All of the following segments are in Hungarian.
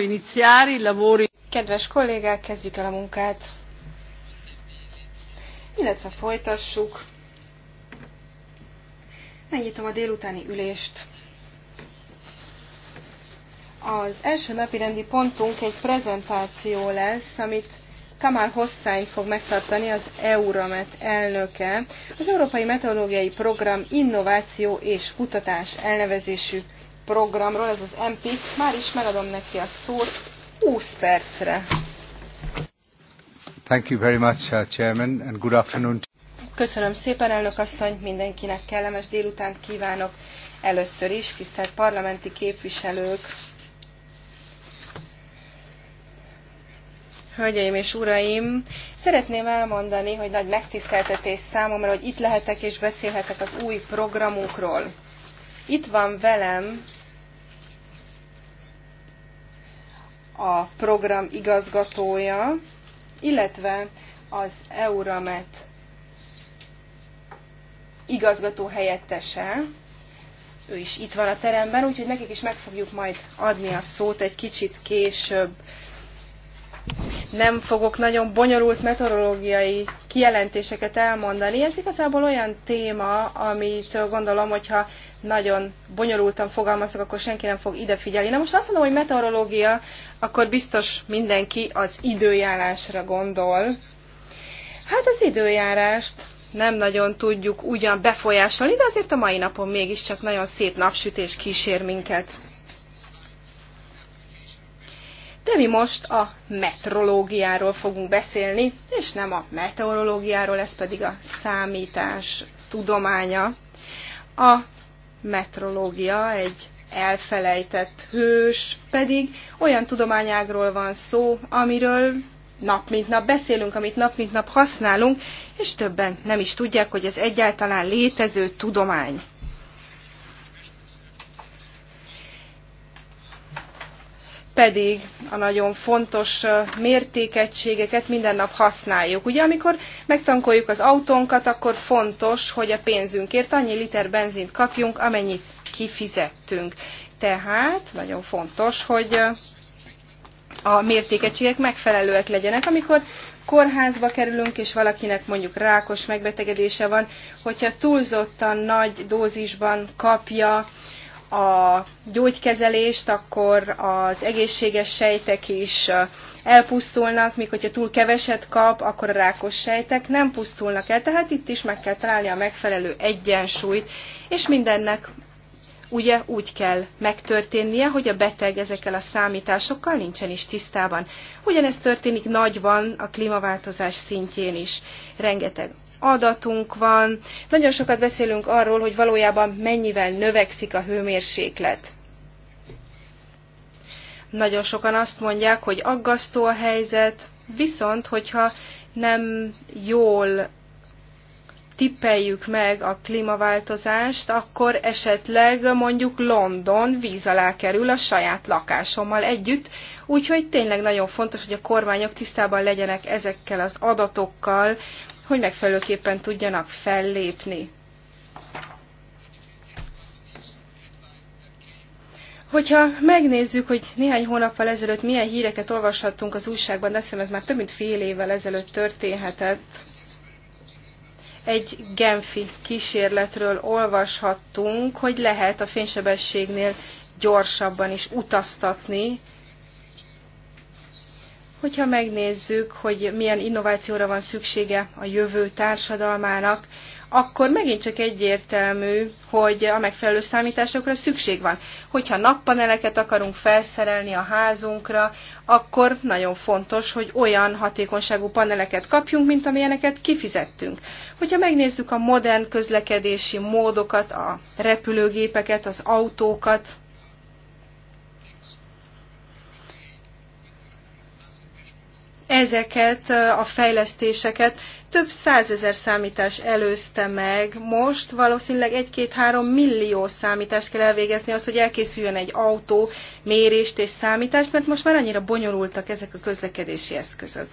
iniziare i lavori. Kedves kollégák, kezdjük el a munkát. Illetve folytassuk. Megnyitom a délutáni ülést. Az első napi rendi pontunk egy prezentáció lesz, amit Kamal Hosszány fog megtartani az Euromet elnöke, az Európai Meteorológiai Program Innováció és Kutatás elnevezésű programról, ez az MP. Már is megadom neki a szót 20 percre. Thank you very much, uh, Chairman, and good afternoon. Köszönöm szépen, elnök asszony, mindenkinek kellemes délutánt kívánok. Először is, tisztelt parlamenti képviselők, Hölgyeim és uraim, szeretném elmondani, hogy nagy megtiszteltetés számomra, hogy itt lehetek és beszélhetek az új programunkról. Itt van velem a program igazgatója, illetve az Euramet igazgató helyettese, ő is itt van a teremben, úgyhogy nekik is meg fogjuk majd adni a szót egy kicsit később nem fogok nagyon bonyolult meteorológiai kijelentéseket elmondani. Ez igazából olyan téma, amit gondolom, hogyha nagyon bonyolultan fogalmazok, akkor senki nem fog ide figyelni. Na most azt mondom, hogy meteorológia, akkor biztos mindenki az időjárásra gondol. Hát az időjárást nem nagyon tudjuk ugyan befolyásolni, de azért a mai napon mégiscsak nagyon szép napsütés kísér minket. De mi most a metrológiáról fogunk beszélni, és nem a meteorológiáról, ez pedig a számítás tudománya. A metrológia egy elfelejtett hős, pedig olyan tudományágról van szó, amiről nap mint nap beszélünk, amit nap mint nap használunk, és többen nem is tudják, hogy ez egyáltalán létező tudomány. pedig a nagyon fontos mértékegységeket minden nap használjuk. Ugye, amikor megtankoljuk az autónkat, akkor fontos, hogy a pénzünkért annyi liter benzint kapjunk, amennyit kifizettünk. Tehát nagyon fontos, hogy a mértékegységek megfelelőek legyenek, amikor kórházba kerülünk, és valakinek mondjuk rákos megbetegedése van, hogyha túlzottan nagy dózisban kapja a gyógykezelést, akkor az egészséges sejtek is elpusztulnak, míg hogyha túl keveset kap, akkor a rákos sejtek nem pusztulnak el. Tehát itt is meg kell találni a megfelelő egyensúlyt, és mindennek ugye úgy kell megtörténnie, hogy a beteg ezekkel a számításokkal nincsen is tisztában. Ugyanezt történik nagyban a klímaváltozás szintjén is. Rengeteg adatunk van. Nagyon sokat beszélünk arról, hogy valójában mennyivel növekszik a hőmérséklet. Nagyon sokan azt mondják, hogy aggasztó a helyzet, viszont, hogyha nem jól tippeljük meg a klímaváltozást, akkor esetleg mondjuk London víz alá kerül a saját lakásommal együtt, úgyhogy tényleg nagyon fontos, hogy a kormányok tisztában legyenek ezekkel az adatokkal, hogy megfelelőképpen tudjanak fellépni. Hogyha megnézzük, hogy néhány hónappal ezelőtt milyen híreket olvashattunk az újságban, de hiszem ez már több mint fél évvel ezelőtt történhetett, egy genfi kísérletről olvashattunk, hogy lehet a fénysebességnél gyorsabban is utaztatni Hogyha megnézzük, hogy milyen innovációra van szüksége a jövő társadalmának, akkor megint csak egyértelmű, hogy a megfelelő számításokra szükség van. Hogyha nappaneleket akarunk felszerelni a házunkra, akkor nagyon fontos, hogy olyan hatékonyságú paneleket kapjunk, mint amilyeneket kifizettünk. Hogyha megnézzük a modern közlekedési módokat, a repülőgépeket, az autókat, ezeket a fejlesztéseket több százezer számítás előzte meg. Most valószínűleg 1-2-3 millió számítást kell elvégezni az, hogy elkészüljön egy autó mérést és számítást, mert most már annyira bonyolultak ezek a közlekedési eszközök.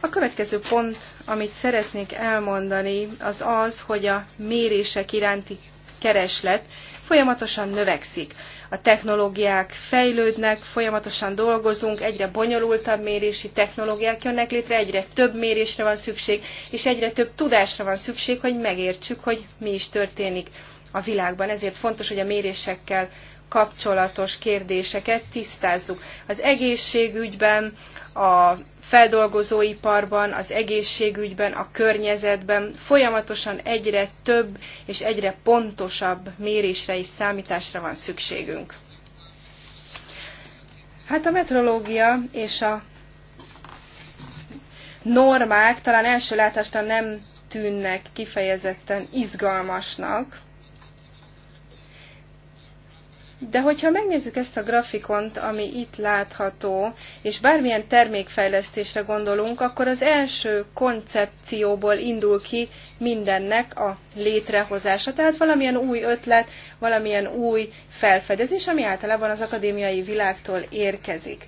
A következő pont, amit szeretnék elmondani, az az, hogy a mérések iránti kereslet folyamatosan növekszik a technológiák fejlődnek, folyamatosan dolgozunk, egyre bonyolultabb mérési technológiák jönnek létre, egyre több mérésre van szükség, és egyre több tudásra van szükség, hogy megértsük, hogy mi is történik a világban. Ezért fontos, hogy a mérésekkel kapcsolatos kérdéseket tisztázzuk. Az egészségügyben, a feldolgozóiparban, az egészségügyben, a környezetben folyamatosan egyre több és egyre pontosabb mérésre és számításra van szükségünk. Hát a metrológia és a normák talán első látásra nem tűnnek kifejezetten izgalmasnak, de hogyha megnézzük ezt a grafikont, ami itt látható, és bármilyen termékfejlesztésre gondolunk, akkor az első koncepcióból indul ki mindennek a létrehozása. Tehát valamilyen új ötlet, valamilyen új felfedezés, ami általában az akadémiai világtól érkezik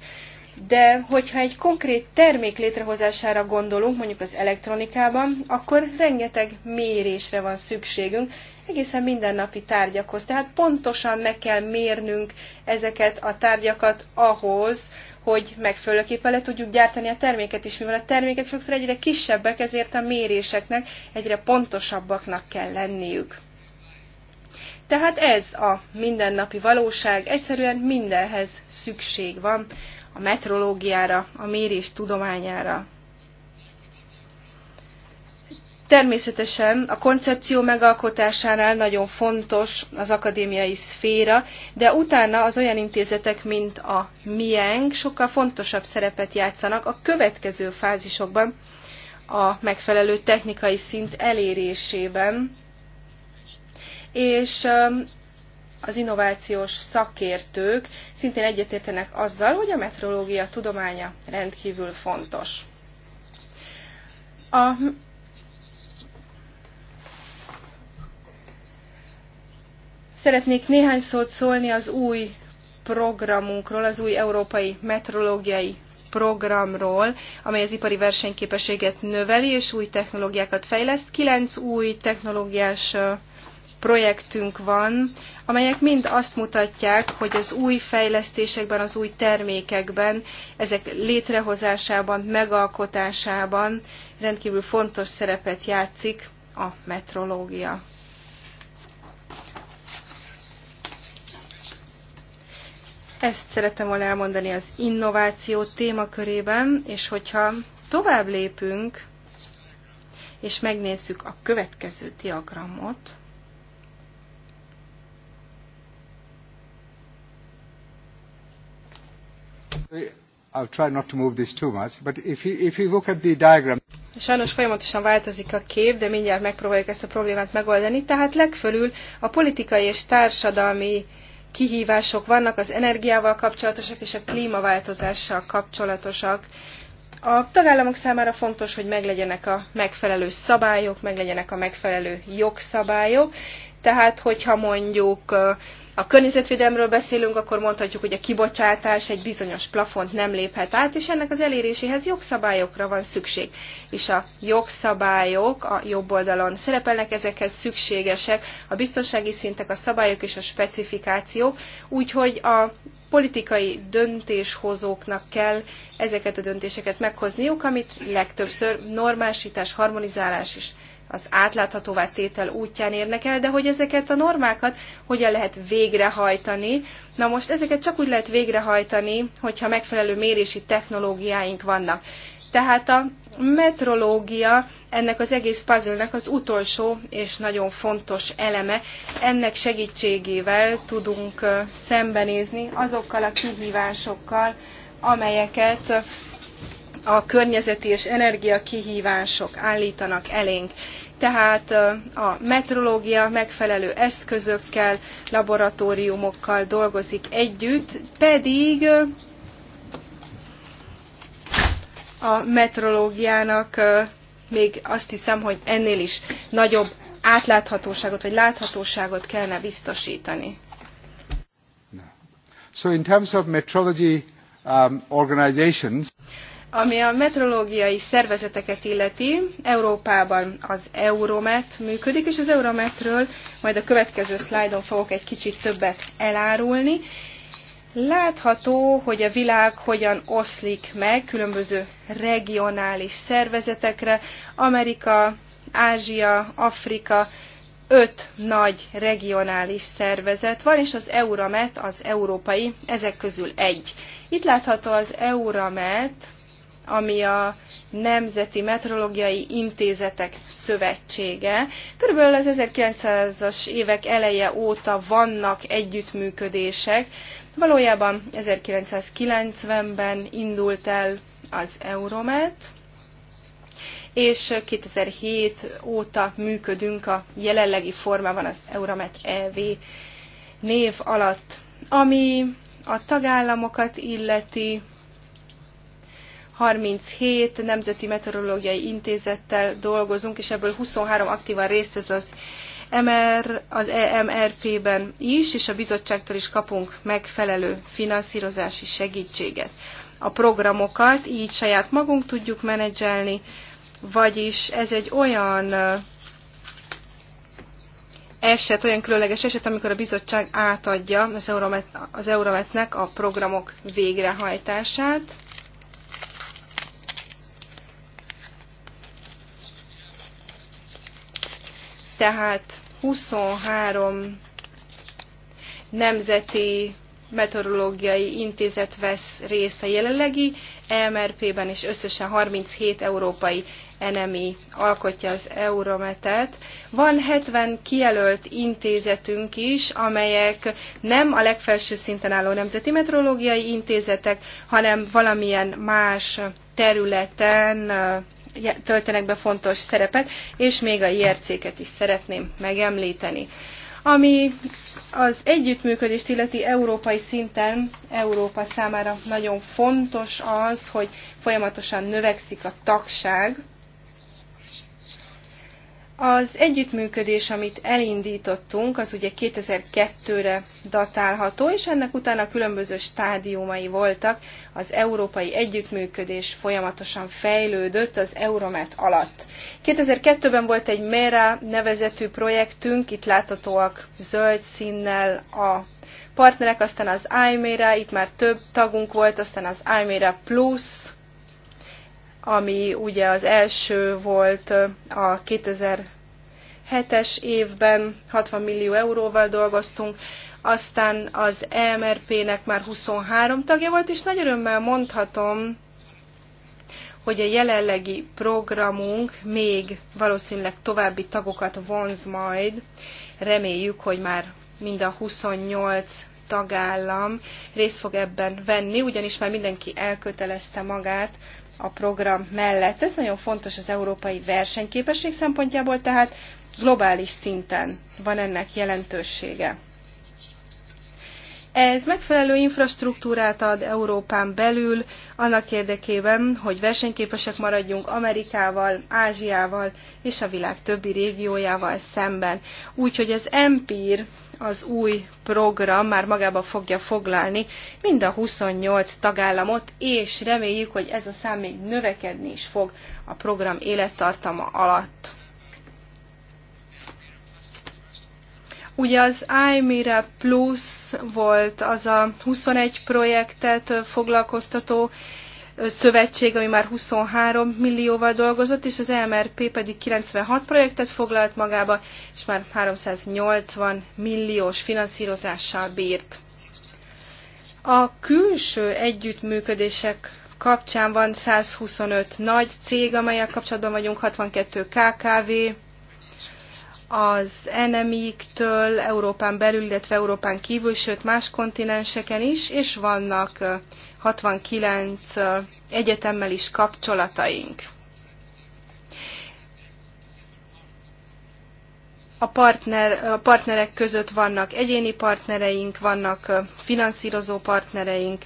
de hogyha egy konkrét termék létrehozására gondolunk, mondjuk az elektronikában, akkor rengeteg mérésre van szükségünk, egészen mindennapi tárgyakhoz. Tehát pontosan meg kell mérnünk ezeket a tárgyakat ahhoz, hogy megfelelőképpen le tudjuk gyártani a terméket is, mivel a termékek sokszor egyre kisebbek, ezért a méréseknek egyre pontosabbaknak kell lenniük. Tehát ez a mindennapi valóság, egyszerűen mindenhez szükség van a metrológiára, a mérés tudományára. Természetesen a koncepció megalkotásánál nagyon fontos az akadémiai szféra, de utána az olyan intézetek, mint a miénk, sokkal fontosabb szerepet játszanak a következő fázisokban, a megfelelő technikai szint elérésében. És um, az innovációs szakértők szintén egyetértenek azzal, hogy a metrológia tudománya rendkívül fontos. A Szeretnék néhány szót szólni az új programunkról, az új európai metrológiai programról, amely az ipari versenyképességet növeli és új technológiákat fejleszt. Kilenc új technológiás projektünk van, amelyek mind azt mutatják, hogy az új fejlesztésekben, az új termékekben, ezek létrehozásában, megalkotásában rendkívül fontos szerepet játszik a metrológia. Ezt szeretem volna elmondani az innováció témakörében, és hogyha tovább lépünk, és megnézzük a következő diagramot, I'll try not to move this too much, but if you, if you look at the diagram... Sajnos folyamatosan változik a kép, de mindjárt megpróbáljuk ezt a problémát megoldani. Tehát legfölül a politikai és társadalmi kihívások vannak, az energiával kapcsolatosak és a klímaváltozással kapcsolatosak. A tagállamok számára fontos, hogy meglegyenek a megfelelő szabályok, meglegyenek a megfelelő jogszabályok, tehát hogyha mondjuk a környezetvédelemről beszélünk, akkor mondhatjuk, hogy a kibocsátás egy bizonyos plafont nem léphet át, és ennek az eléréséhez jogszabályokra van szükség. És a jogszabályok a jobb oldalon szerepelnek, ezekhez szükségesek a biztonsági szintek, a szabályok és a specifikációk, úgyhogy a politikai döntéshozóknak kell ezeket a döntéseket meghozniuk, amit legtöbbször normásítás, harmonizálás és az átláthatóvá tétel útján érnek el, de hogy ezeket a normákat hogyan lehet végrehajtani. Na most ezeket csak úgy lehet végrehajtani, hogyha megfelelő mérési technológiáink vannak. Tehát a metrológia ennek az egész puzzle az utolsó és nagyon fontos eleme. Ennek segítségével tudunk szembenézni azokkal a kihívásokkal, amelyeket a környezeti és energiakihívások állítanak elénk. Tehát a metrológia megfelelő eszközökkel, laboratóriumokkal dolgozik együtt, pedig a metrológiának még azt hiszem, hogy ennél is nagyobb átláthatóságot vagy láthatóságot kellene biztosítani. So in terms of metrology um, organizations, ami a metrológiai szervezeteket illeti, Európában az Euromet működik, és az Eurometről majd a következő szlájdon fogok egy kicsit többet elárulni. Látható, hogy a világ hogyan oszlik meg különböző regionális szervezetekre. Amerika, Ázsia, Afrika, öt nagy regionális szervezet van, és az Euramet az európai, ezek közül egy. Itt látható az Euramet ami a Nemzeti Metrológiai Intézetek Szövetsége. Körülbelül az 1900-as évek eleje óta vannak együttműködések. Valójában 1990-ben indult el az Euromet, és 2007 óta működünk a jelenlegi formában az Euromet EV név alatt, ami a tagállamokat illeti, 37 nemzeti meteorológiai intézettel dolgozunk, és ebből 23 aktívan részt vesz az MR, az EMRP-ben is, és a bizottságtól is kapunk megfelelő finanszírozási segítséget. A programokat így saját magunk tudjuk menedzselni, vagyis ez egy olyan eset, olyan különleges eset, amikor a bizottság átadja az Eurometnek a programok végrehajtását. tehát 23 nemzeti meteorológiai intézet vesz részt a jelenlegi EMRP-ben, és összesen 37 európai enemi alkotja az Eurometet. Van 70 kijelölt intézetünk is, amelyek nem a legfelső szinten álló nemzeti meteorológiai intézetek, hanem valamilyen más területen töltenek be fontos szerepet, és még a IRC-ket is szeretném megemlíteni. Ami az együttműködést illeti európai szinten, Európa számára nagyon fontos az, hogy folyamatosan növekszik a tagság, az együttműködés, amit elindítottunk, az ugye 2002-re datálható, és ennek utána különböző stádiumai voltak. Az európai együttműködés folyamatosan fejlődött az Euromet alatt. 2002-ben volt egy MERA nevezetű projektünk, itt láthatóak zöld színnel a partnerek, aztán az IMERA, itt már több tagunk volt, aztán az IMERA Plus, ami ugye az első volt a 2007-es évben, 60 millió euróval dolgoztunk, aztán az EMRP-nek már 23 tagja volt, és nagy örömmel mondhatom, hogy a jelenlegi programunk még valószínűleg további tagokat vonz majd. Reméljük, hogy már mind a 28 tagállam részt fog ebben venni, ugyanis már mindenki elkötelezte magát a program mellett. Ez nagyon fontos az európai versenyképesség szempontjából, tehát globális szinten van ennek jelentősége. Ez megfelelő infrastruktúrát ad Európán belül, annak érdekében, hogy versenyképesek maradjunk Amerikával, Ázsiával és a világ többi régiójával szemben. Úgyhogy az Empire az új program már magába fogja foglalni mind a 28 tagállamot, és reméljük, hogy ez a szám még növekedni is fog a program élettartama alatt. Ugye az iMira Plus volt az a 21 projektet foglalkoztató szövetség, ami már 23 millióval dolgozott, és az MRP pedig 96 projektet foglalt magába, és már 380 milliós finanszírozással bírt. A külső együttműködések kapcsán van 125 nagy cég, amelyek kapcsolatban vagyunk, 62 KKV, az enemiktől Európán belül, illetve Európán kívül, sőt más kontinenseken is, és vannak 69 egyetemmel is kapcsolataink. A, partner, a partnerek között vannak egyéni partnereink, vannak finanszírozó partnereink,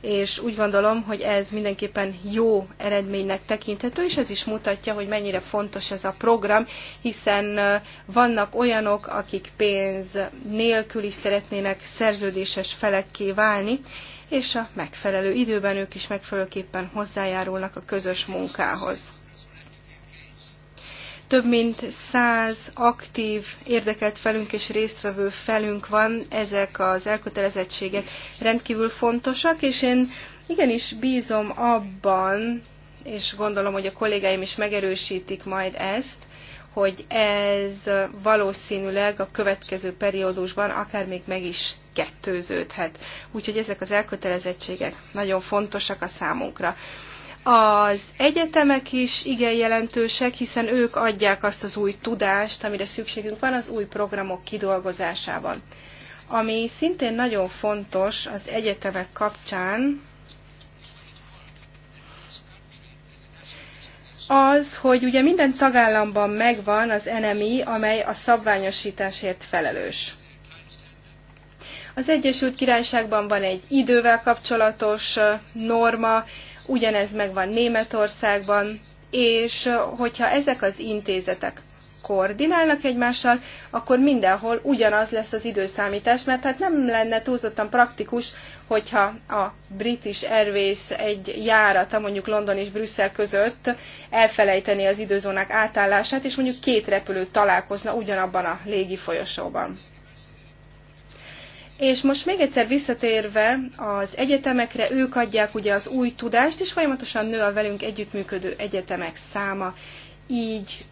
és úgy gondolom, hogy ez mindenképpen jó eredménynek tekinthető, és ez is mutatja, hogy mennyire fontos ez a program, hiszen vannak olyanok, akik pénz nélkül is szeretnének szerződéses felekké válni, és a megfelelő időben ők is megfelelőképpen hozzájárulnak a közös munkához. Több mint száz aktív, érdekelt felünk és résztvevő felünk van, ezek az elkötelezettségek rendkívül fontosak, és én igenis bízom abban, és gondolom, hogy a kollégáim is megerősítik majd ezt, hogy ez valószínűleg a következő periódusban akár még meg is kettőződhet. Úgyhogy ezek az elkötelezettségek nagyon fontosak a számunkra. Az egyetemek is igen jelentősek, hiszen ők adják azt az új tudást, amire szükségünk van az új programok kidolgozásában. Ami szintén nagyon fontos az egyetemek kapcsán, az, hogy ugye minden tagállamban megvan az NMI, amely a szabványosításért felelős. Az Egyesült Királyságban van egy idővel kapcsolatos norma, ugyanez megvan Németországban, és hogyha ezek az intézetek koordinálnak egymással, akkor mindenhol ugyanaz lesz az időszámítás, mert hát nem lenne túlzottan praktikus, hogyha a British Airways egy járata mondjuk London és Brüsszel között elfelejteni az időzónák átállását, és mondjuk két repülő találkozna ugyanabban a légi folyosóban. És most még egyszer visszatérve az egyetemekre, ők adják ugye az új tudást, és folyamatosan nő a velünk együttműködő egyetemek száma. Így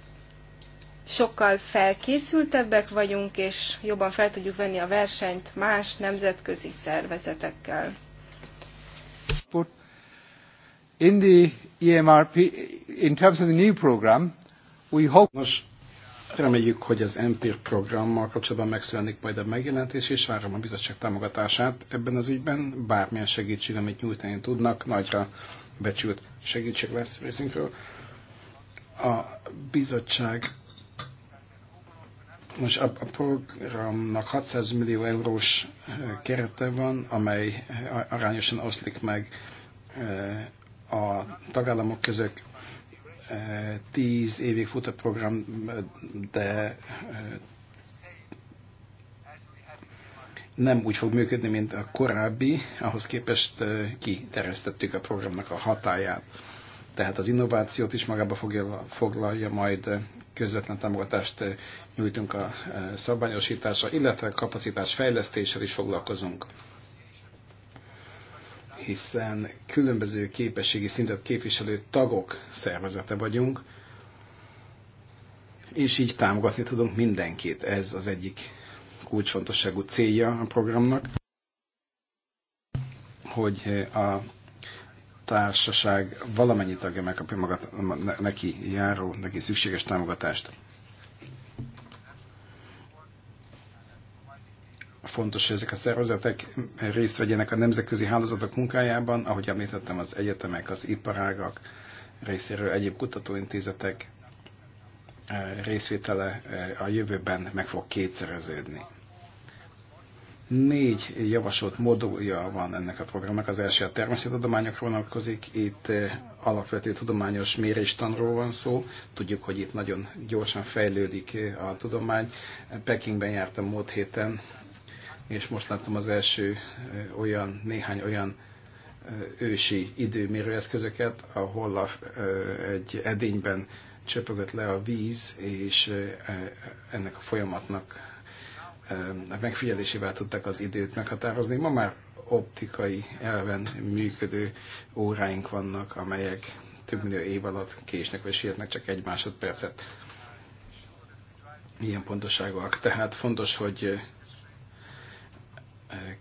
sokkal felkészültebbek vagyunk, és jobban fel tudjuk venni a versenyt más nemzetközi szervezetekkel. In the EMRP, in terms of the new program, we hope... Most Reméljük, hogy az Empire programmal kapcsolatban megszületik majd a megjelentés, és várom a bizottság támogatását ebben az ügyben. Bármilyen segítség, amit nyújtani tudnak, nagyra becsült segítség lesz részünkről. A bizottság most a, a programnak 600 millió eurós eh, kerete van, amely eh, arányosan oszlik meg eh, a tagállamok között tíz évig fut a program, de eh, nem úgy fog működni, mint a korábbi, ahhoz képest eh, kiterjesztettük a programnak a hatáját. Tehát az innovációt is magába fogja, foglalja, majd eh, közvetlen támogatást nyújtunk a szabványosításra, illetve kapacitás fejlesztéssel is foglalkozunk hiszen különböző képességi szintet képviselő tagok szervezete vagyunk, és így támogatni tudunk mindenkit. Ez az egyik kulcsfontosságú célja a programnak, hogy a társaság valamennyi tagja megkapja maga, neki járó, neki szükséges támogatást. fontos, hogy ezek a szervezetek részt vegyenek a nemzetközi hálózatok munkájában, ahogy említettem, az egyetemek, az iparágak részéről egyéb kutatóintézetek eh, részvétele eh, a jövőben meg fog kétszereződni. Négy javasolt modulja van ennek a programnak. Az első a természettudományokra vonatkozik, itt eh, alapvető tudományos tanról van szó. Tudjuk, hogy itt nagyon gyorsan fejlődik a tudomány. Pekingben jártam múlt héten, és most láttam az első olyan, néhány olyan ősi időmérőeszközöket, ahol a, egy edényben csöpögött le a víz, és ennek a folyamatnak a megfigyelésével tudták az időt meghatározni. Ma már optikai elven működő óráink vannak, amelyek több millió év alatt késnek vagy sietnek csak egy másodpercet. Ilyen pontosságúak. Tehát fontos, hogy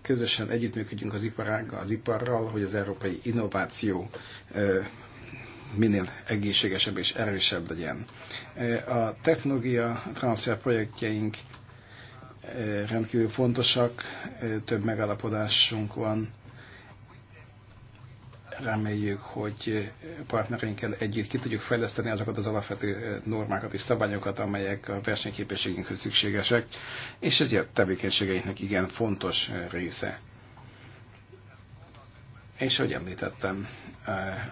közösen együttműködjünk az iparággal, az iparral, hogy az európai innováció minél egészségesebb és erősebb legyen. A technológia transfer projektjeink rendkívül fontosak, több megalapodásunk van reméljük, hogy eh, partnereinkkel együtt ki tudjuk fejleszteni azokat az alapvető eh, normákat és szabályokat, amelyek a versenyképességünkhöz szükségesek, és ez a tevékenységeinknek igen fontos eh, része. És ahogy említettem,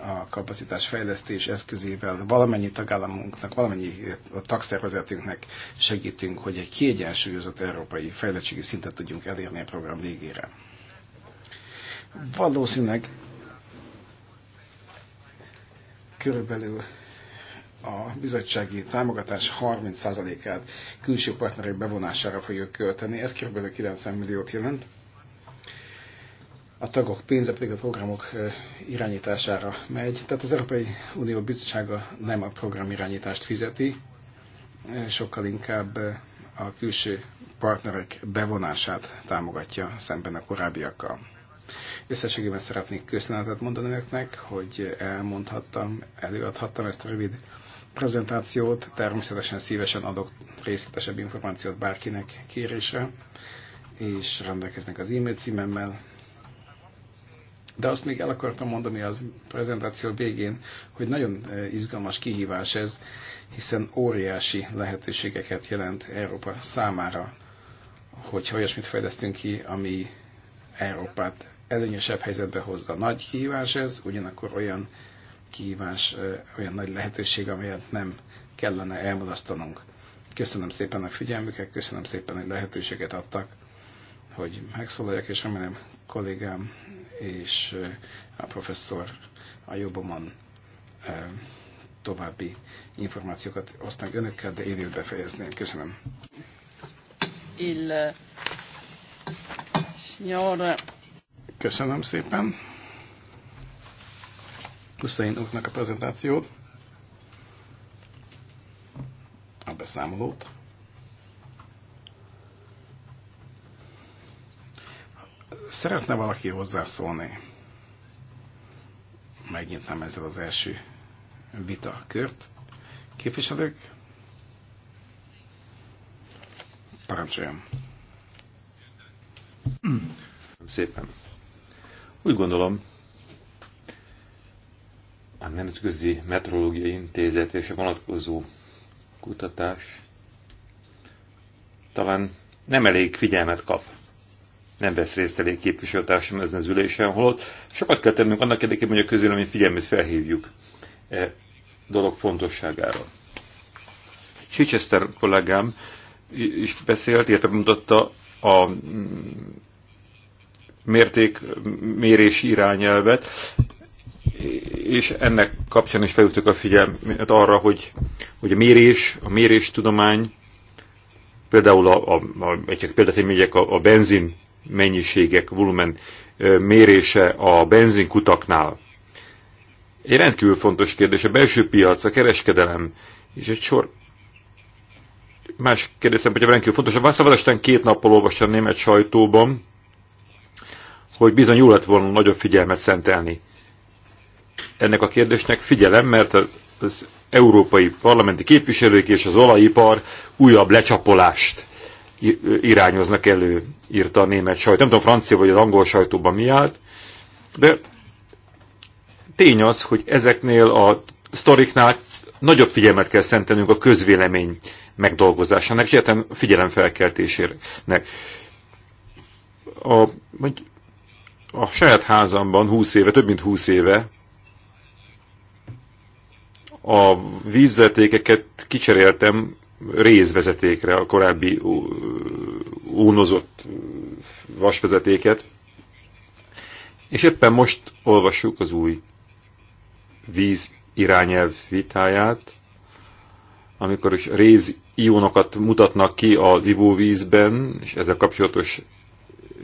a kapacitásfejlesztés eszközével valamennyi tagállamunknak, valamennyi tagszervezetünknek segítünk, hogy egy kiegyensúlyozott európai fejlettségi szintet tudjunk elérni a program végére. Valószínűleg körülbelül a bizottsági támogatás 30%-át külső partnerek bevonására fogjuk költeni. Ez kb. 90 milliót jelent. A tagok pénze pedig a programok irányítására megy. Tehát az Európai Unió Bizottsága nem a program irányítást fizeti, sokkal inkább a külső partnerek bevonását támogatja szemben a korábbiakkal. Összességében szeretnék köszönetet mondani önöknek, hogy elmondhattam, előadhattam ezt a rövid prezentációt. Természetesen szívesen adok részletesebb információt bárkinek kérésre, és rendelkeznek az e-mail címemmel. De azt még el akartam mondani az prezentáció végén, hogy nagyon e, izgalmas kihívás ez, hiszen óriási lehetőségeket jelent Európa számára, hogyha olyasmit fejlesztünk ki, ami Európát előnyösebb helyzetbe hozza. Nagy kihívás ez, ugyanakkor olyan kihívás, olyan nagy lehetőség, amelyet nem kellene elmulasztanunk. Köszönöm szépen a figyelmüket, köszönöm szépen, hogy lehetőséget adtak, hogy megszólaljak, és remélem kollégám és a professzor a jobban további információkat oszt meg önökkel, de én őt befejezném. Köszönöm. Il signor Köszönöm szépen. Hussein úrnak a prezentációt, a beszámolót. Szeretne valaki hozzászólni? Megnyitnám ezzel az első vita kört. Képviselők, parancsoljon. Szépen. Úgy gondolom, a Nemzetközi Metrológiai Intézet és a vonatkozó kutatás talán nem elég figyelmet kap. Nem vesz részt elég képviselőtársam ezen az ülésen, holott sokat kell tennünk annak érdekében, hogy a közélemény figyelmét felhívjuk e dolog fontosságára. Chichester kollégám is beszélt, illetve mutatta a mértékmérési irányelvet, és ennek kapcsán is felütök a figyelmet arra, hogy, hogy a mérés, a mérés tudomány, például a, a, a, egy példát a, a benzin mennyiségek, volumen mérése a benzinkutaknál. Egy rendkívül fontos kérdés, a belső piac, a kereskedelem, és egy sor más kérdésem, hogy rendkívül fontos. A Vászavadastán két nappal olvastam a német sajtóban, hogy bizony jól lett volna nagyobb figyelmet szentelni ennek a kérdésnek figyelem, mert az európai parlamenti képviselők és az olajipar újabb lecsapolást irányoznak elő, írta a német sajtó. Nem tudom, francia vagy az angol sajtóban mi állt, de tény az, hogy ezeknél a sztoriknál nagyobb figyelmet kell szentenünk a közvélemény megdolgozásának, és figyelem figyelemfelkeltésének. A, a saját házamban 20 éve, több mint 20 éve a vízvezetékeket kicseréltem rézvezetékre, a korábbi únozott vasvezetéket. És éppen most olvassuk az új víz irányelv vitáját, amikor is réz ionokat mutatnak ki a vívóvízben, és ezzel kapcsolatos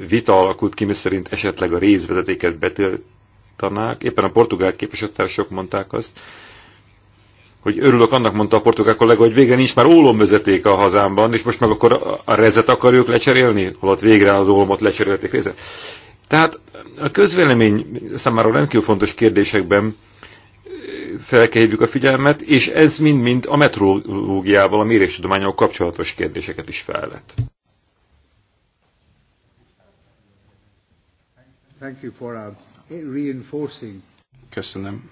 vita alakult ki, miszerint esetleg a részvezetéket betiltanák. Éppen a portugál képviselőtársok mondták azt, hogy örülök annak, mondta a portugál kollega, hogy végre nincs már ólomvezeték a hazámban, és most meg akkor a rezet akarjuk lecserélni, holott végre az ólomot lecserélték rezet. Tehát a közvélemény számára rendkívül fontos kérdésekben fel kell hívjuk a figyelmet, és ez mind-mind a metrológiával, a méréstudományok kapcsolatos kérdéseket is felvet. Uh, Köszönöm,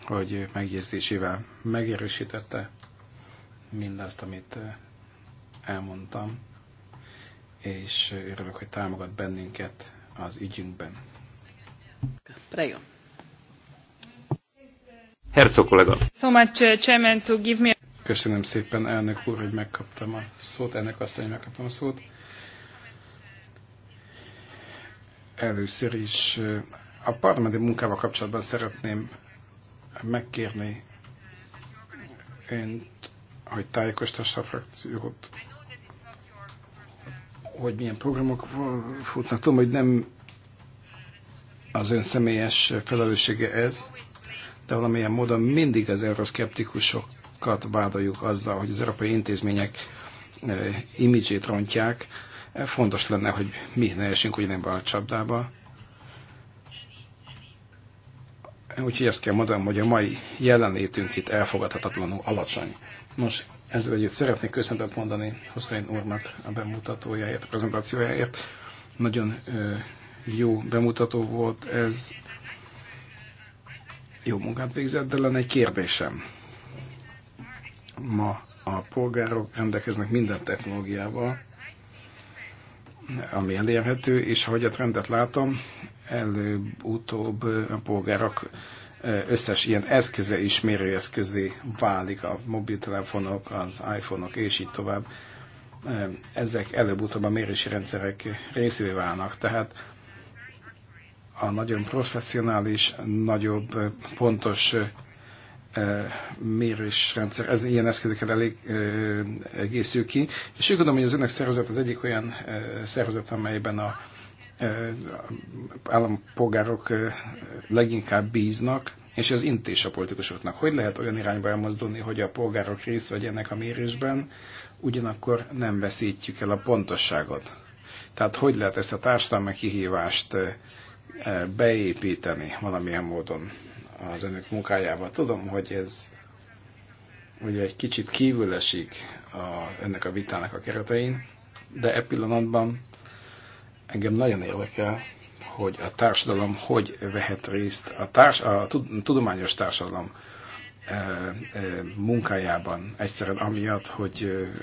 hogy megjegyzésével megerősítette mindazt, amit uh, elmondtam, és uh, örülök, hogy támogat bennünket az ügyünkben. Prego. Herzog kollega. So much, Chairman, to give me... Köszönöm szépen, elnök úr, hogy megkaptam a szót, ennek azt, hogy megkaptam a szót. Először is eh, a parlamenti munkával kapcsolatban szeretném megkérni önt, hogy tájékoztassa a frakciót, hogy milyen programok futnak. Tudom, hogy nem az ön személyes felelőssége ez, de valamilyen módon mindig az euroszkeptikusokat vádoljuk azzal, hogy az európai intézmények eh, imidzsét rontják Fontos lenne, hogy mi ne esünk ugyanebbe a csapdába. Úgyhogy azt kell mondanom, hogy a mai jelenlétünk itt elfogadhatatlanul alacsony. Nos, ezzel együtt szeretnék köszönetet mondani Hossein úrnak a bemutatójáért, a prezentációjáért. Nagyon jó bemutató volt ez. Jó munkát végzett, de lenne egy kérdésem. Ma a polgárok rendelkeznek minden technológiával, ami elérhető, és ahogy a trendet látom, előbb-utóbb a polgárok összes ilyen eszköze is mérőeszközé válik, a mobiltelefonok, az iPhone-ok és így tovább. Ezek előbb-utóbb a mérési rendszerek részévé válnak, tehát a nagyon professzionális, nagyobb, pontos mérésrendszer, ez, ilyen eszközöket elég egészül ki. És úgy gondolom, hogy az önök szervezet az egyik olyan szervezet, amelyben a állampolgárok leginkább bíznak, és az intés a politikusoknak. Hogy lehet olyan irányba elmozdulni, hogy a polgárok részt vegyenek a mérésben, ugyanakkor nem veszítjük el a pontosságot. Tehát hogy lehet ezt a társadalmi kihívást beépíteni valamilyen módon? az önök munkájába. Tudom, hogy ez ugye egy kicsit kívül esik a, ennek a vitának a keretein, de e pillanatban engem nagyon érdekel, hogy a társadalom hogy vehet részt, a, társ, a tudományos társadalom e, e, munkájában egyszerűen amiatt, hogy e,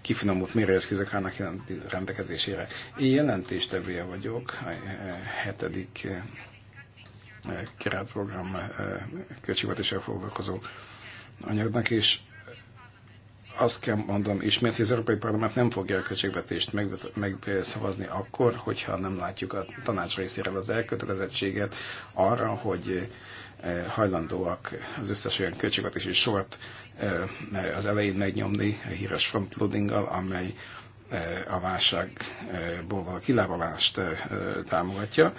kifinomult mérőeszközök állnak rendelkezésére. Én jelentéstevője vagyok a hetedik keretprogram eh, költségvetéssel foglalkozó anyagnak, és azt kell mondanom ismét, hogy az Európai Parlament nem fogja a költségvetést megszavazni akkor, hogyha nem látjuk a tanács részéről az elkötelezettséget arra, hogy eh, hajlandóak az összes olyan költségvetési sort eh, az elején megnyomni a híres frontloadinggal, amely a válságból a kilábalást támogatja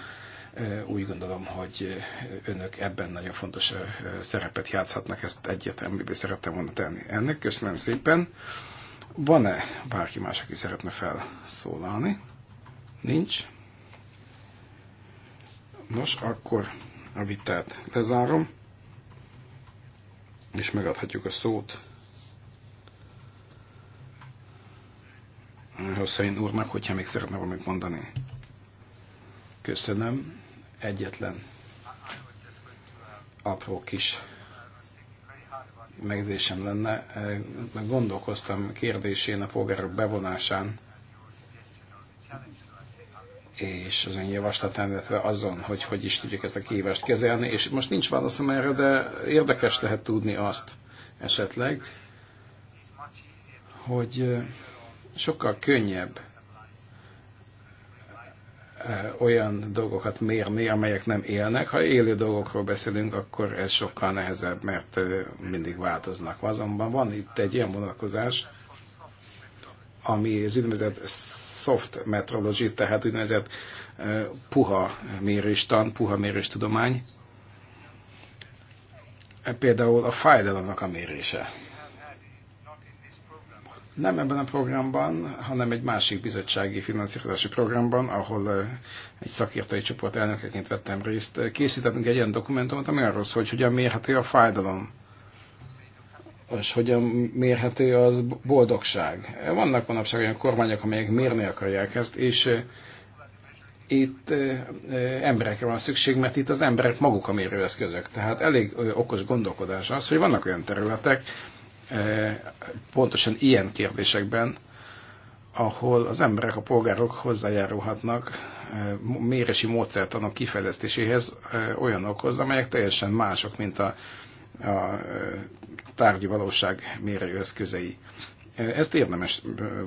úgy gondolom, hogy önök ebben nagyon fontos szerepet játszhatnak, ezt egyértelművé szerettem volna tenni. Ennek köszönöm szépen. Van-e bárki más, aki szeretne felszólalni? Nincs. Nos, akkor a vitát lezárom, és megadhatjuk a szót Hosszain úrnak, hogyha még szeretne valamit mondani. Köszönöm egyetlen apró kis megzésem lenne. Gondolkoztam kérdésén a polgárok bevonásán, és az ön javaslatán, illetve azon, hogy hogy is tudjuk ezt a kívást kezelni, és most nincs válaszom erre, de érdekes lehet tudni azt esetleg, hogy sokkal könnyebb olyan dolgokat mérni, amelyek nem élnek. Ha élő dolgokról beszélünk, akkor ez sokkal nehezebb, mert mindig változnak. Azonban van itt egy ilyen vonatkozás, ami az úgynevezett soft metrology, tehát úgynevezett puha méréstan, puha méréstudomány. Például a fájdalomnak a mérése. Nem ebben a programban, hanem egy másik bizottsági finanszírozási programban, ahol egy szakértői csoport elnökeként vettem részt, készítettünk egy olyan dokumentumot, ami arról szól, hogy hogyan mérhető a fájdalom, és hogyan mérhető a boldogság. Vannak manapság olyan kormányok, amelyek mérni akarják ezt, és itt emberekre van szükség, mert itt az emberek maguk a mérőeszközök. Tehát elég okos gondolkodás az, hogy vannak olyan területek, Eh, pontosan ilyen kérdésekben, ahol az emberek, a polgárok hozzájárulhatnak eh, mérési módszertanok kifejlesztéséhez eh, olyanokhoz, amelyek teljesen mások, mint a, a tárgyi valóság mérő eszközei. Ezt érdemes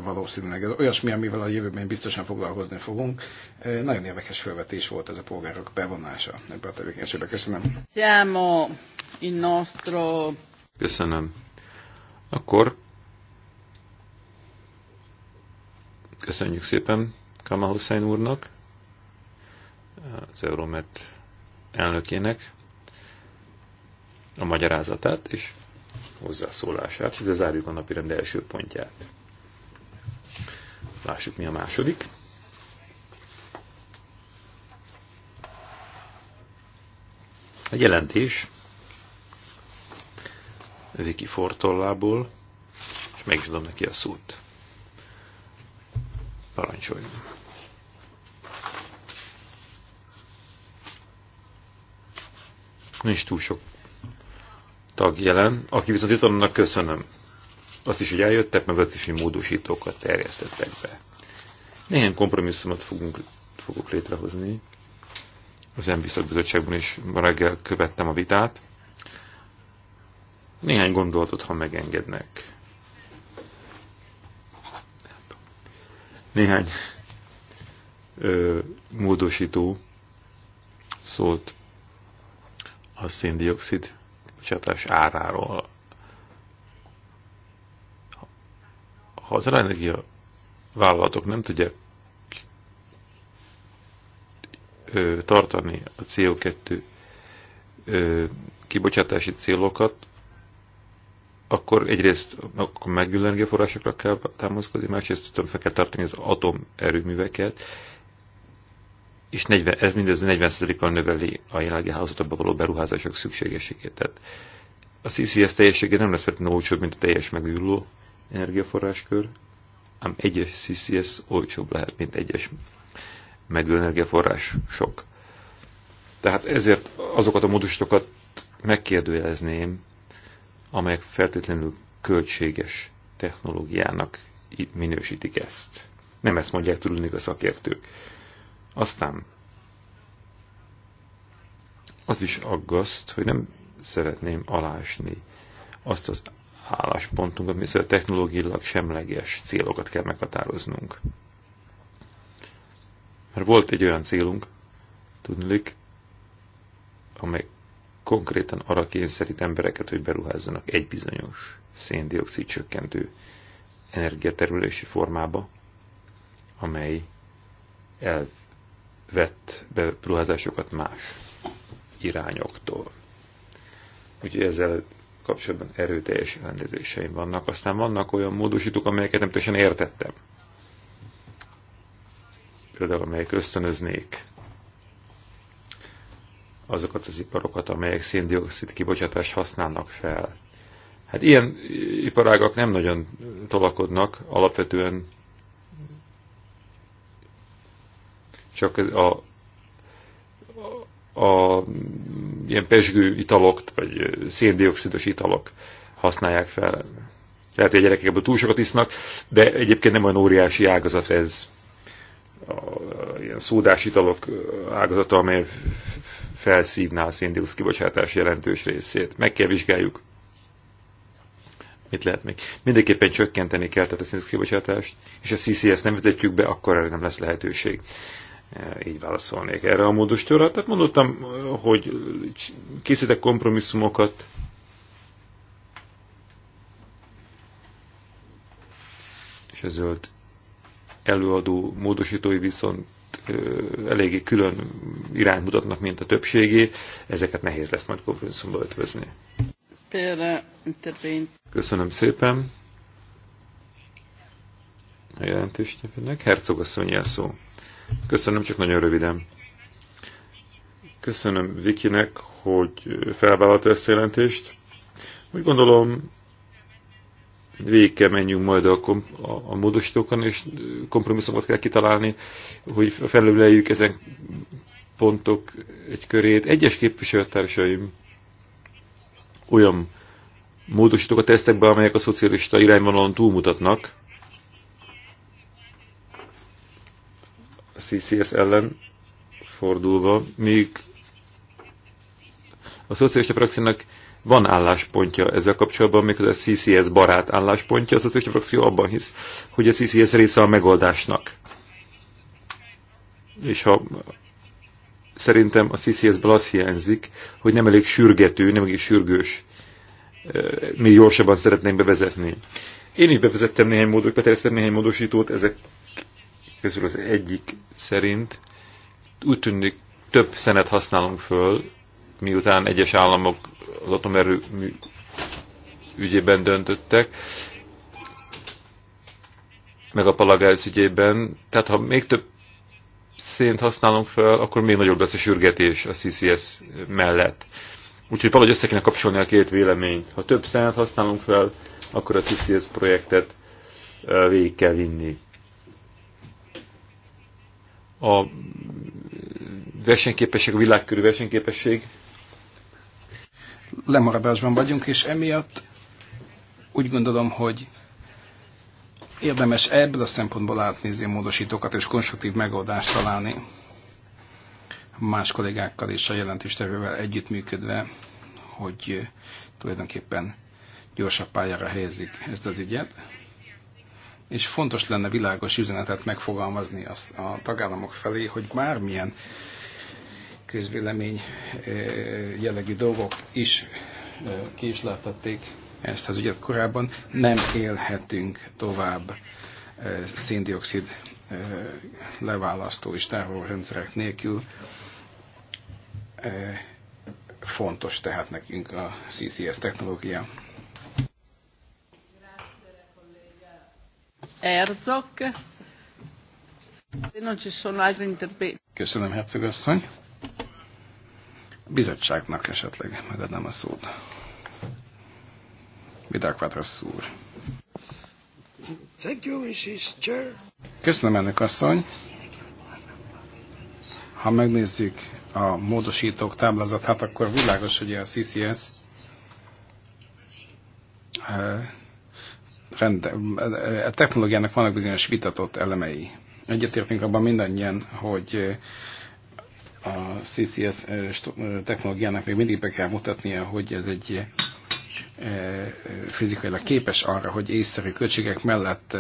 valószínűleg, ez olyasmi, amivel a jövőben biztosan foglalkozni fogunk. Nagyon érdekes felvetés volt ez a polgárok bevonása ebbe a tevékenységbe. Köszönöm. Köszönöm. Akkor köszönjük szépen Kamal Hussein úrnak, az Euromet elnökének a magyarázatát és hozzászólását. Ez zárjuk a napi rend első pontját. Lássuk, mi a második. Egy jelentés Viki Fortollából, és meg is adom neki a szót. Parancsoljon! Nincs túl sok tag jelen, aki viszont itt annak köszönöm. Azt is, hogy eljöttek, meg azt is, hogy módosítókat terjesztettek be. Néhány kompromisszumot fogunk, fogok létrehozni. Az Embiszak Bizottságban is ma reggel követtem a vitát. Néhány gondolatot, ha megengednek. Néhány ö, módosító szólt a széndiokszid csatás áráról. Ha az energia vállalatok nem tudják tartani a CO2 kibocsátási célokat, akkor egyrészt akkor megülő energiaforrásokra kell támaszkodni, másrészt tudom, fel kell tartani az atomerőműveket, és 40, ez mindez 40%-kal növeli a jelenlegi hálózatokba való beruházások szükségességét. Tehát a CCS teljessége nem lesz feltétlenül olcsóbb, mint a teljes megújuló energiaforráskör, ám egyes CCS olcsóbb lehet, mint egyes megújuló energiaforrás sok. Tehát ezért azokat a módusítókat megkérdőjelezném, amelyek feltétlenül költséges technológiának minősítik ezt. Nem ezt mondják tudni a szakértők. Aztán az is aggaszt, hogy nem szeretném alásni azt az álláspontunkat, a technológiailag semleges célokat kell meghatároznunk. Mert volt egy olyan célunk, tudnilik, amely konkrétan arra kényszerít embereket, hogy beruházzanak egy bizonyos széndiokszid csökkentő energiaterülési formába, amely elvett beruházásokat más irányoktól. Úgyhogy ezzel kapcsolatban erőteljes rendezéseim vannak. Aztán vannak olyan módosítók, amelyeket nem teljesen értettem. Például amelyek ösztönöznék azokat az iparokat, amelyek széndiokszid kibocsátást használnak fel. Hát ilyen iparágak nem nagyon tolakodnak, alapvetően csak a, a, a ilyen pesgő italokt, vagy széndiokszidos italok használják fel. Lehet, hogy a gyerekek túl sokat isznak, de egyébként nem olyan óriási ágazat ez ilyen szódás italok ágazata, amely felszívná a széndiox kibocsátás jelentős részét. Meg kell vizsgáljuk. Mit lehet még? Mindenképpen csökkenteni kell tehát a széndiox kibocsátást, és a CCS nem vezetjük be, akkor erre nem lesz lehetőség. E, így válaszolnék erre a módosítóra. Tehát mondottam, hogy készítek kompromisszumokat, és a zöld előadó módosítói viszont eléggé külön irányt mutatnak, mint a többségé, ezeket nehéz lesz majd kompromisszumba ötvözni. Köszönöm szépen. A jelentéstevőnek. Hercog asszony szó. Köszönöm, csak nagyon röviden. Köszönöm Vikinek, hogy felvállalta ezt a jelentést. Úgy gondolom, végig kell menjünk majd a, kom, a, a módosítókon, és kompromisszumot kell kitalálni, hogy felüleljük ezen pontok egy körét. Egyes képviselőtársaim olyan módosítók a be, amelyek a szocialista irányvonalon túlmutatnak, a CCS ellen fordulva, míg a szocialista frakciónak van álláspontja ezzel kapcsolatban, amikor a CCS barát álláspontja, az az egy frakció abban hisz, hogy a CCS része a megoldásnak. És ha szerintem a CCS-ből az hiányzik, hogy nem elég sürgető, nem elég sürgős, mi gyorsabban szeretnénk bevezetni. Én is bevezettem néhány módot, beteljesztem néhány módosítót, ezek közül az egyik szerint úgy tűnik több szenet használunk föl, miután egyes államok az atomerő ügyében döntöttek, meg a palagáz ügyében. Tehát ha még több szént használunk fel, akkor még nagyobb lesz a sürgetés a CCS mellett. Úgyhogy valahogy össze kéne kapcsolni a két véleményt. Ha több szent használunk fel, akkor a CCS projektet végig kell vinni. A versenyképesség, a világkörű versenyképesség lemaradásban vagyunk, és emiatt úgy gondolom, hogy érdemes ebből a szempontból átnézni a módosítókat és konstruktív megoldást találni más kollégákkal és a jelentéstevővel együttműködve, hogy tulajdonképpen gyorsabb pályára helyezik ezt az ügyet. És fontos lenne világos üzenetet megfogalmazni a tagállamok felé, hogy bármilyen közvélemény eh, jellegű dolgok is eh, ki is ezt az ügyet korábban, nem élhetünk tovább eh, széndiokszid leválasztó és rendszerek nélkül. Fontos tehát nekünk a CCS technológia. Erzok. Köszönöm, Herzog asszony bizottságnak esetleg megadnám a szót. Vidákvátrasz úr. Thank you, Mrs. Chair. Köszönöm ennek asszony. Ha megnézzük a módosítók táblázatát, akkor világos, hogy a CCS eh, rende, eh, a technológiának vannak bizonyos vitatott elemei. Egyetértünk abban mindannyian, hogy eh, a CCS eh, eh, technológiának még mindig be kell mutatnia, hogy ez egy eh, fizikailag képes arra, hogy észszerű költségek mellett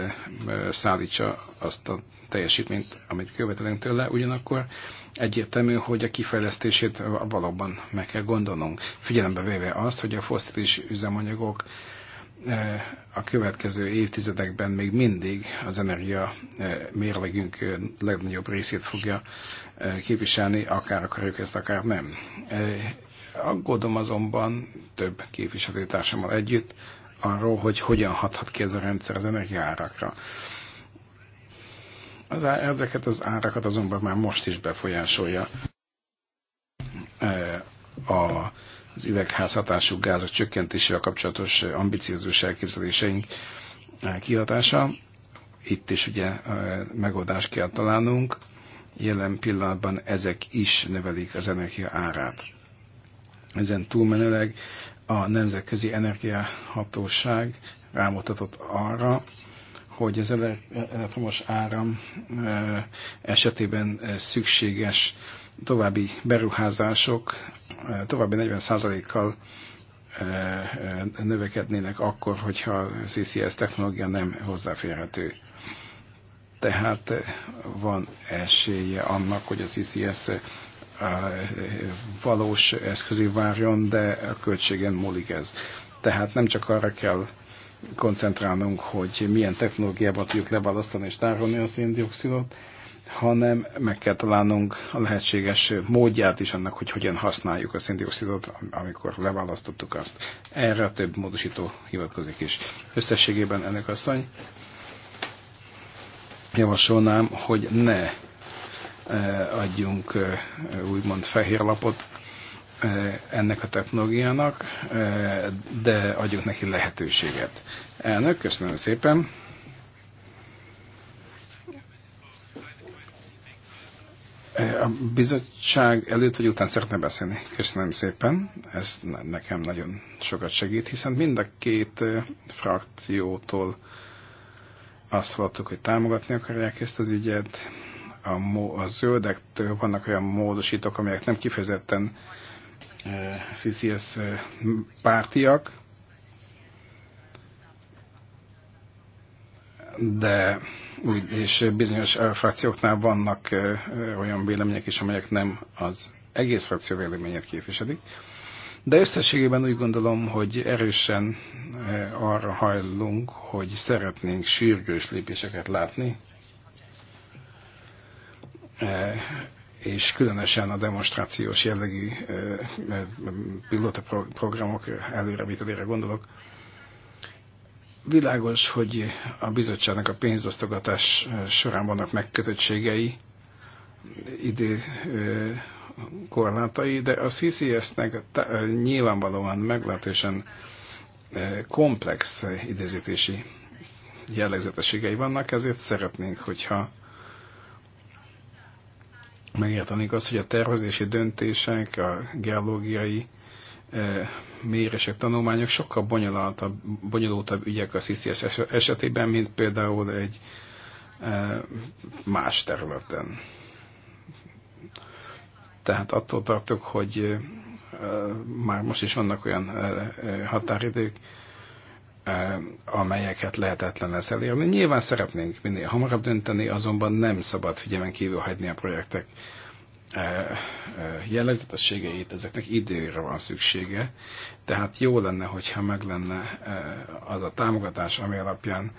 szállítsa azt a teljesítményt, amit követelünk tőle, ugyanakkor egyértelmű, hogy a kifejlesztését valóban meg kell gondolnunk. Figyelembe véve azt, hogy a fosztilis üzemanyagok Eh, a következő évtizedekben még mindig az energia eh, mérlegünk eh, legnagyobb részét fogja képviselni, akár akarjuk ezt, akár nem. Aggódom azonban több képviselőtársammal együtt arról, hogy hogyan hathat ki ez a rendszer az árakra. Az á, ezeket az árakat azonban már most is befolyásolja a az üvegházhatású gázok csökkentésével kapcsolatos ambiciózus elképzeléseink eh, kihatása. Itt is ugye eh, megoldást kell találnunk, jelen pillanatban ezek is növelik az energia árát. Ezen túlmenőleg a Nemzetközi Energiahatóság rámutatott arra, hogy az elektromos áram eh, esetében szükséges további beruházások további 40%-kal növekednének akkor, hogyha a CCS technológia nem hozzáférhető. Tehát van esélye annak, hogy a CCS valós eszközé várjon, de a költségen múlik ez. Tehát nem csak arra kell koncentrálnunk, hogy milyen technológiában tudjuk leválasztani és tárolni a széndiokszidot, hanem meg kell találnunk a lehetséges módját is annak, hogy hogyan használjuk a széndiokszidot, amikor leválasztottuk azt. Erre a több módosító hivatkozik is. Összességében ennek asszony javasolnám, hogy ne e, adjunk e, úgymond fehér lapot e, ennek a technológiának, de adjuk neki lehetőséget. Elnök, köszönöm szépen! A bizottság előtt vagy után szeretne beszélni? Köszönöm szépen, ez nekem nagyon sokat segít, hiszen mind a két frakciótól azt hallottuk, hogy támogatni akarják ezt az ügyet. A, mo- a zöldektől vannak olyan módosítók, amelyek nem kifejezetten CCS pártiak, de úgy, és bizonyos frakcióknál vannak olyan vélemények is, amelyek nem az egész frakció véleményét képviselik. De összességében úgy gondolom, hogy erősen arra hajlunk, hogy szeretnénk sürgős lépéseket látni, és különösen a demonstrációs jellegű pilota programok előrevitelére gondolok, Világos, hogy a bizottságnak a pénzosztogatás során vannak megkötöttségei, idő korlátai, de a CCS-nek nyilvánvalóan meglehetősen komplex időzítési jellegzetességei vannak, ezért szeretnénk, hogyha megértenénk azt, hogy a tervezési döntések, a geológiai mérések tanulmányok sokkal bonyolultabb, bonyolultabb ügyek a CCS esetében, mint például egy más területen. Tehát attól tartok, hogy már most is vannak olyan határidők, amelyeket lehetetlen lesz elérni. Nyilván szeretnénk minél hamarabb dönteni, azonban nem szabad figyelmen kívül hagyni a projektek jellegzetességeit, ezeknek időre van szüksége, tehát jó lenne, hogyha meg lenne az a támogatás, ami alapján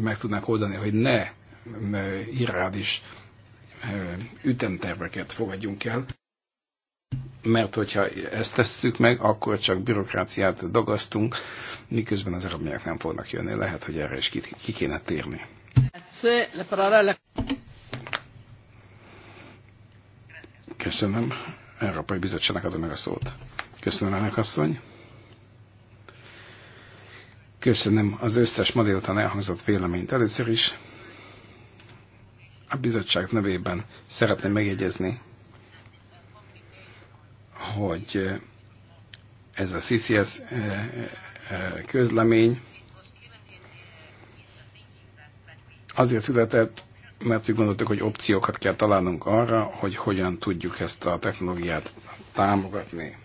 meg tudnánk oldani, hogy ne is ütemterveket fogadjunk el, mert hogyha ezt tesszük meg, akkor csak bürokráciát dagasztunk, miközben az eredmények nem fognak jönni. Lehet, hogy erre is ki, ki kéne térni. Köszönöm. Európai Bizottságnak adom meg a szót. Köszönöm, elnök asszony. Köszönöm az összes ma délután elhangzott véleményt először is. A bizottság nevében szeretném megjegyezni, hogy ez a CCS eh, eh, közlemény azért született, mert úgy gondoltuk, hogy opciókat kell találnunk arra, hogy hogyan tudjuk ezt a technológiát támogatni,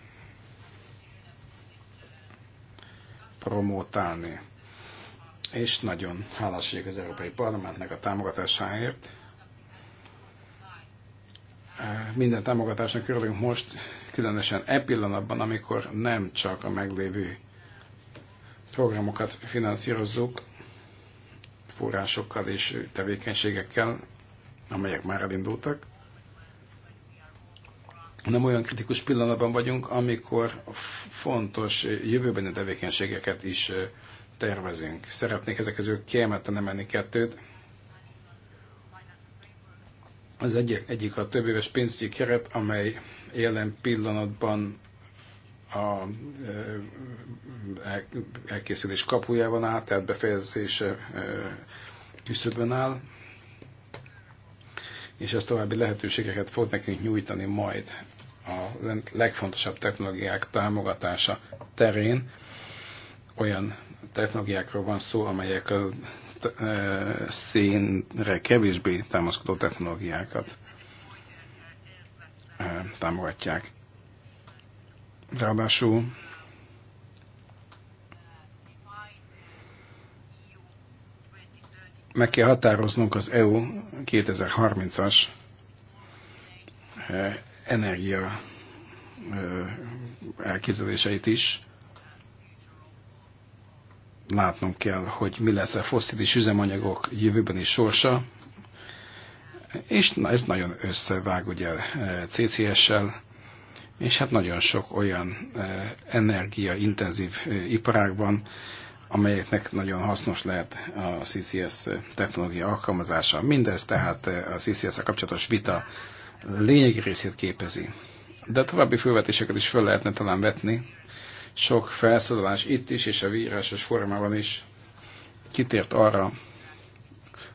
promotálni. És nagyon hálás vagyok az Európai Parlamentnek a támogatásáért. Minden támogatásnak örülünk most, különösen e pillanatban, amikor nem csak a meglévő programokat finanszírozzuk, forrásokkal és tevékenységekkel, amelyek már elindultak. Nem olyan kritikus pillanatban vagyunk, amikor fontos jövőbeni tevékenységeket is tervezünk. Szeretnék ezek közül kiemelten emelni kettőt. Az egyik, egyik a több éves pénzügyi keret, amely jelen pillanatban a e, e, elkészülés kapujában áll, tehát befejezése e, küszöbön áll, és ez további lehetőségeket fog nekünk nyújtani majd a legfontosabb technológiák támogatása terén. Olyan technológiákról van szó, amelyek a szénre kevésbé támaszkodó technológiákat támogatják. Ráadásul meg kell határoznunk az EU 2030-as eh, energia eh, elképzeléseit is. Látnunk kell, hogy mi lesz a fosszilis üzemanyagok jövőbeni sorsa, és na, ez nagyon összevág ugye eh, CCS-sel, és hát nagyon sok olyan energiaintenzív iparág van, amelyeknek nagyon hasznos lehet a CCS technológia alkalmazása. Mindez tehát a CCS-a kapcsolatos vita lényegi részét képezi. De további fölvetéseket is föl lehetne talán vetni. Sok felszólalás itt is, és a vírásos formában is kitért arra,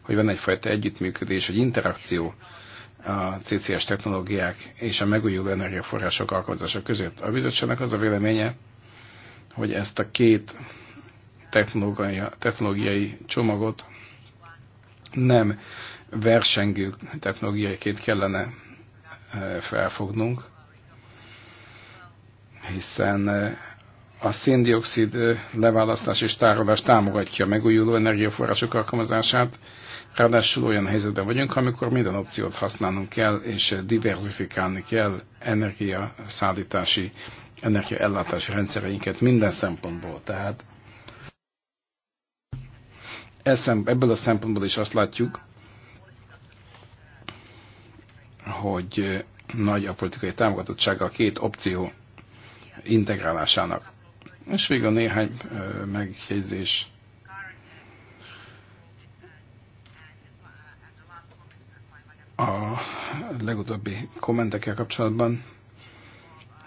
hogy van egyfajta együttműködés, vagy interakció a CCS technológiák és a megújuló energiaforrások alkalmazása között. A bizottságnak az a véleménye, hogy ezt a két technológiai csomagot nem versengő technológiaiként kellene e, felfognunk, hiszen e, a széndiokszid e, leválasztás és tárolás támogatja megújuló energiaforrások alkalmazását, Ráadásul olyan helyzetben vagyunk, amikor minden opciót használnunk kell, és diversifikálni kell energia szállítási, energiaellátási rendszereinket minden szempontból. Tehát e ebből a szempontból is azt látjuk, hogy nagy a politikai támogatottsága a két opció integrálásának. És végül néhány megjegyzés legutóbbi kommentekkel kapcsolatban,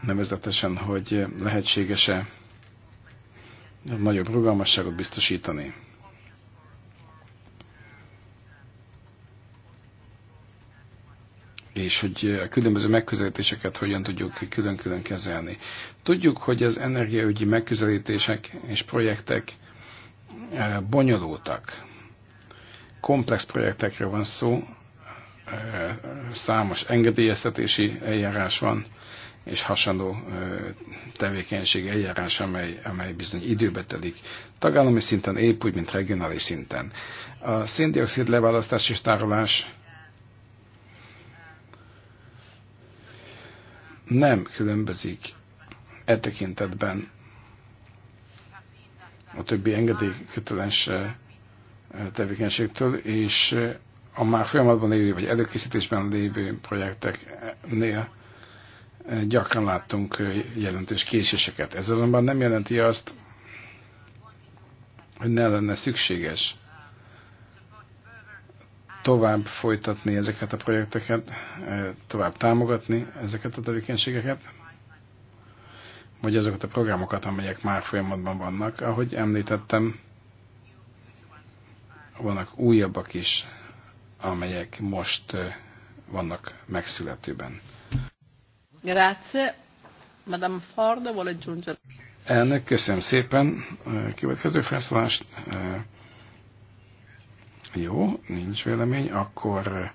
nevezetesen, hogy lehetséges-e nagyobb rugalmasságot biztosítani. és hogy a különböző megközelítéseket hogyan tudjuk külön-külön kezelni. Tudjuk, hogy az energiaügyi megközelítések és projektek eh, bonyolultak. Komplex projektekről van szó, eh, számos engedélyeztetési eljárás van, és hasonló tevékenységi eljárás, amely, amely bizony időbe telik tagállami szinten, épp úgy, mint regionális szinten. A széndiokszid leválasztás és tárolás nem különbözik e tekintetben a többi engedélykötelens tevékenységtől, és a már folyamatban lévő vagy előkészítésben lévő projekteknél eh, gyakran láttunk eh, jelentős késéseket. Ez azonban nem jelenti azt, hogy ne lenne szükséges tovább folytatni ezeket a projekteket, eh, tovább támogatni ezeket a tevékenységeket, vagy azokat a programokat, amelyek már folyamatban vannak. Ahogy említettem, vannak újabbak is, amelyek most vannak megszületőben. Grazie. Madame Ford vuole aggiungere. Elnök, köszönöm szépen. Következő felszólást. Jó, nincs vélemény. Akkor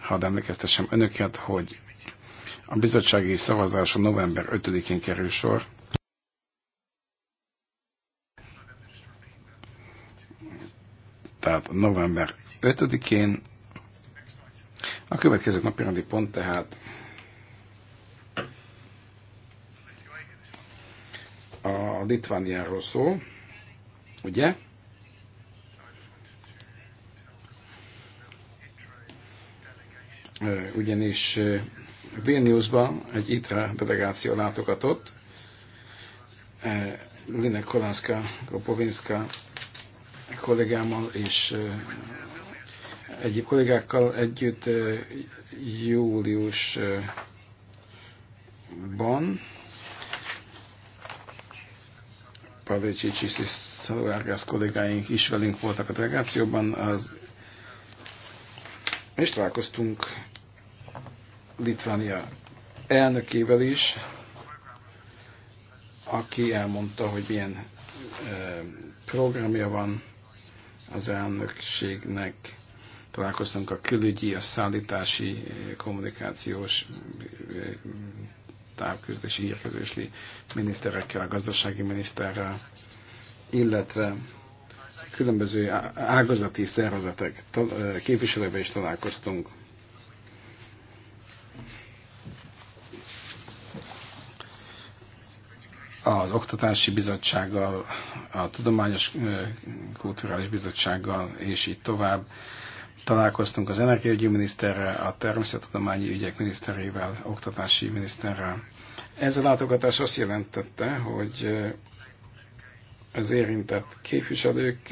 hadd emlékeztessem önöket, hogy a bizottsági a november 5-én kerül sor, tehát november 5-én. A következő rendi pont tehát a Litvániáról szól, ugye? Ugyanis Vilniusban egy ITRA delegáció látogatott, Linek Kolánszka, Kopovinska kollégámmal és egyéb kollégákkal együtt júliusban Pavricsics és Szalvárgász kollégáink is velünk voltak a delegációban, az, és találkoztunk Litvánia elnökével is, aki elmondta, hogy milyen programja van az elnökségnek találkoztunk a külügyi, a szállítási, kommunikációs, távközlési, hírközlési miniszterekkel, a gazdasági miniszterrel, illetve különböző ágazati szervezetek képviselővel is találkoztunk. az Oktatási Bizottsággal, a Tudományos Kulturális Bizottsággal, és így tovább. Találkoztunk az energiaügyi miniszterrel, a természettudományi ügyek miniszterével, oktatási miniszterrel. Ez a látogatás azt jelentette, hogy az érintett képviselők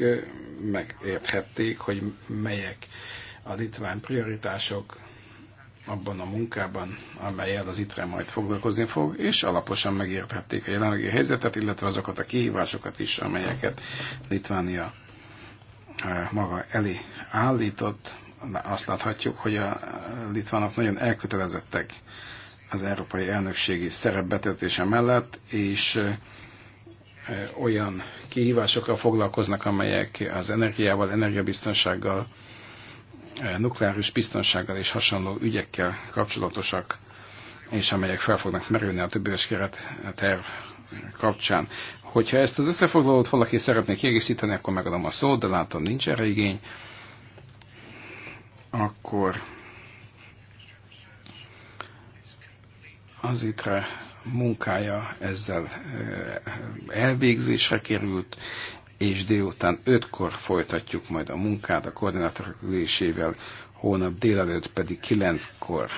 megérthették, hogy melyek a litván prioritások, abban a munkában, amelyel az ITRE majd foglalkozni fog, és alaposan megértették a jelenlegi helyzetet, illetve azokat a kihívásokat is, amelyeket Litvánia eh, maga elé állított. Azt láthatjuk, hogy a litvánok nagyon elkötelezettek az európai elnökségi szerep betöltése mellett, és eh, olyan kihívásokkal foglalkoznak, amelyek az energiával, energiabiztonsággal, nukleáris biztonsággal és hasonló ügyekkel kapcsolatosak, és amelyek fel fognak merülni a többéves keret terv kapcsán. Hogyha ezt az összefoglalót valaki szeretné kiegészíteni, akkor megadom a szót, de látom nincs erre igény. Akkor az ITRE munkája ezzel elvégzésre került, és délután 5-kor folytatjuk majd a munkát a koordinátorok ülésével, hónap délelőtt pedig 9-kor.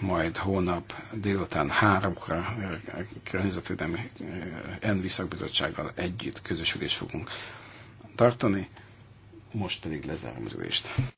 majd hónap délután háromkor a Környezetvédelmi enviszakbizottsággal eh, együtt közösülést fogunk tartani. Most pedig lezárom az ülést.